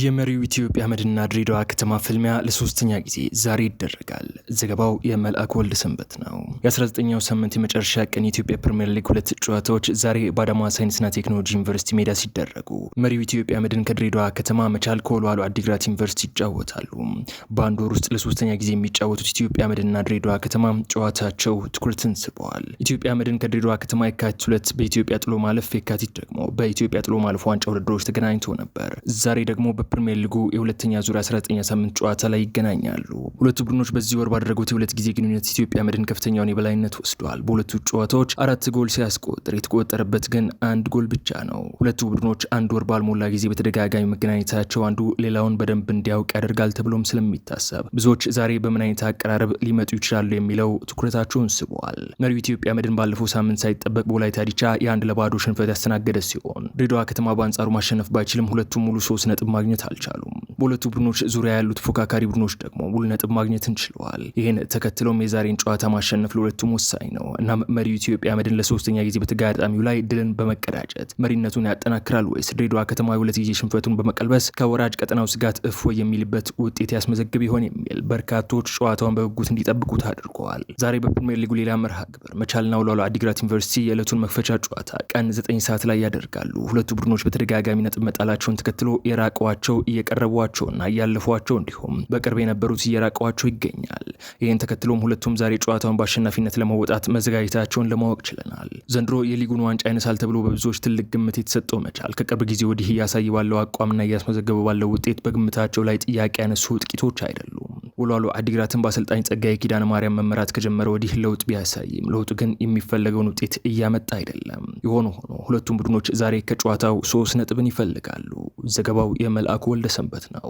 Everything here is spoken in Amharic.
የመሪው ኢትዮጵያ መድንና ድሬዳዋ ከተማ ፍልሚያ ለሶስተኛ ጊዜ ዛሬ ይደረጋል። ዘገባው የመልአክ ወልድ ሰንበት ነው። የ19ኛው ሳምንት የመጨረሻ ቀን የኢትዮጵያ ፕሪምየር ሊግ ሁለት ጨዋታዎች ዛሬ በአዳማ ሳይንስና ቴክኖሎጂ ዩኒቨርሲቲ ሜዳ ሲደረጉ መሪው ኢትዮጵያ መድን ከድሬዳዋ ከተማ፣ መቻል ከወልዋሎ አዲግራት ዩኒቨርሲቲ ይጫወታሉ። በአንድ ወር ውስጥ ለሶስተኛ ጊዜ የሚጫወቱት ኢትዮጵያ መድንና ድሬዳዋ ከተማ ጨዋታቸው ትኩረትን ስበዋል። ኢትዮጵያ መድን ከድሬዳዋ ከተማ የካቲት ሁለት በኢትዮጵያ ጥሎ ማለፍ፣ የካቲት ደግሞ በኢትዮጵያ ጥሎ ማለፍ ዋንጫ ውድድሮች ተገናኝቶ ነበር። ዛሬ ደግሞ በፕሪምየር ሊጉ የሁለተኛ ዙር 19ኛ ሳምንት ጨዋታ ላይ ይገናኛሉ። ሁለቱ ቡድኖች በዚህ ወር ባደረጉት የሁለት ጊዜ ግንኙነት ኢትዮጵያ መድን ከፍተኛውን የበላይነት ወስደዋል። በሁለቱ ጨዋታዎች አራት ጎል ሲያስቆጥር የተቆጠረበት ግን አንድ ጎል ብቻ ነው። ሁለቱ ቡድኖች አንድ ወር ባልሞላ ጊዜ በተደጋጋሚ መገናኘታቸው አንዱ ሌላውን በደንብ እንዲያውቅ ያደርጋል ተብሎም ስለሚታሰብ ብዙዎች ዛሬ በምን አይነት አቀራረብ ሊመጡ ይችላሉ የሚለው ትኩረታቸውን ስቧል። መሪው ኢትዮጵያ መድን ባለፈው ሳምንት ሳይጠበቅ በወላይታ ዲቻ የአንድ ለባዶ ሽንፈት ያስተናገደ ሲሆን ድሬዳዋ ከተማ በአንጻሩ ማሸነፍ ባይችልም ሁለቱም ሙሉ ሶስት ነጥብ ማግኘት ማግኘት አልቻሉም። በሁለቱ ቡድኖች ዙሪያ ያሉት ፎካካሪ ቡድኖች ደግሞ ሙሉ ነጥብ ማግኘትን ችለዋል። ይህን ተከትለውም የዛሬን ጨዋታ ማሸነፍ ለሁለቱም ወሳኝ ነው። እናም መሪው ኢትዮጵያ መድን ለሶስተኛ ጊዜ በተጋጣሚው ላይ ድልን በመቀዳጨት መሪነቱን ያጠናክራል ወይስ ድሬዳዋ ከተማ ሁለት ጊዜ ሽንፈቱን በመቀልበስ ከወራጅ ቀጠናው ስጋት እፎ የሚልበት ውጤት ያስመዘግብ ይሆን የሚል በርካቶች ጨዋታውን በጉጉት እንዲጠብቁት አድርገዋል። ዛሬ በፕሪምየር ሊጉ ሌላ መርሃ ግብር መቻልና ውሏሏ አዲግራት ዩኒቨርሲቲ የዕለቱን መክፈቻ ጨዋታ ቀን ዘጠኝ ሰዓት ላይ ያደርጋሉ። ሁለቱ ቡድኖች በተደጋጋሚ ነጥብ መጣላቸውን ተከትሎ የራቀዋቸው እየቀረቡ። ያለፏቸውና እያለፏቸው እንዲሁም በቅርብ የነበሩት እየራቀዋቸው ይገኛል። ይህን ተከትሎም ሁለቱም ዛሬ ጨዋታውን በአሸናፊነት ለመወጣት መዘጋጀታቸውን ለማወቅ ችለናል። ዘንድሮ የሊጉን ዋንጫ ያነሳል ተብሎ በብዙዎች ትልቅ ግምት የተሰጠው መቻል ከቅርብ ጊዜ ወዲህ እያሳየ ባለው አቋምና እያስመዘገበ ባለው ውጤት በግምታቸው ላይ ጥያቄ ያነሱ ጥቂቶች አይደሉም። ወሏሎ አዲግራትን በአሰልጣኝ ጸጋዬ ኪዳነ ማርያም መመራት ከጀመረ ወዲህ ለውጥ ቢያሳይም ለውጥ ግን የሚፈለገውን ውጤት እያመጣ አይደለም። የሆነ ሆኖ ሁለቱም ቡድኖች ዛሬ ከጨዋታው ሶስት ነጥብን ይፈልጋሉ። ዘገባው የመልአኩ ወልደ ሰንበት ነው።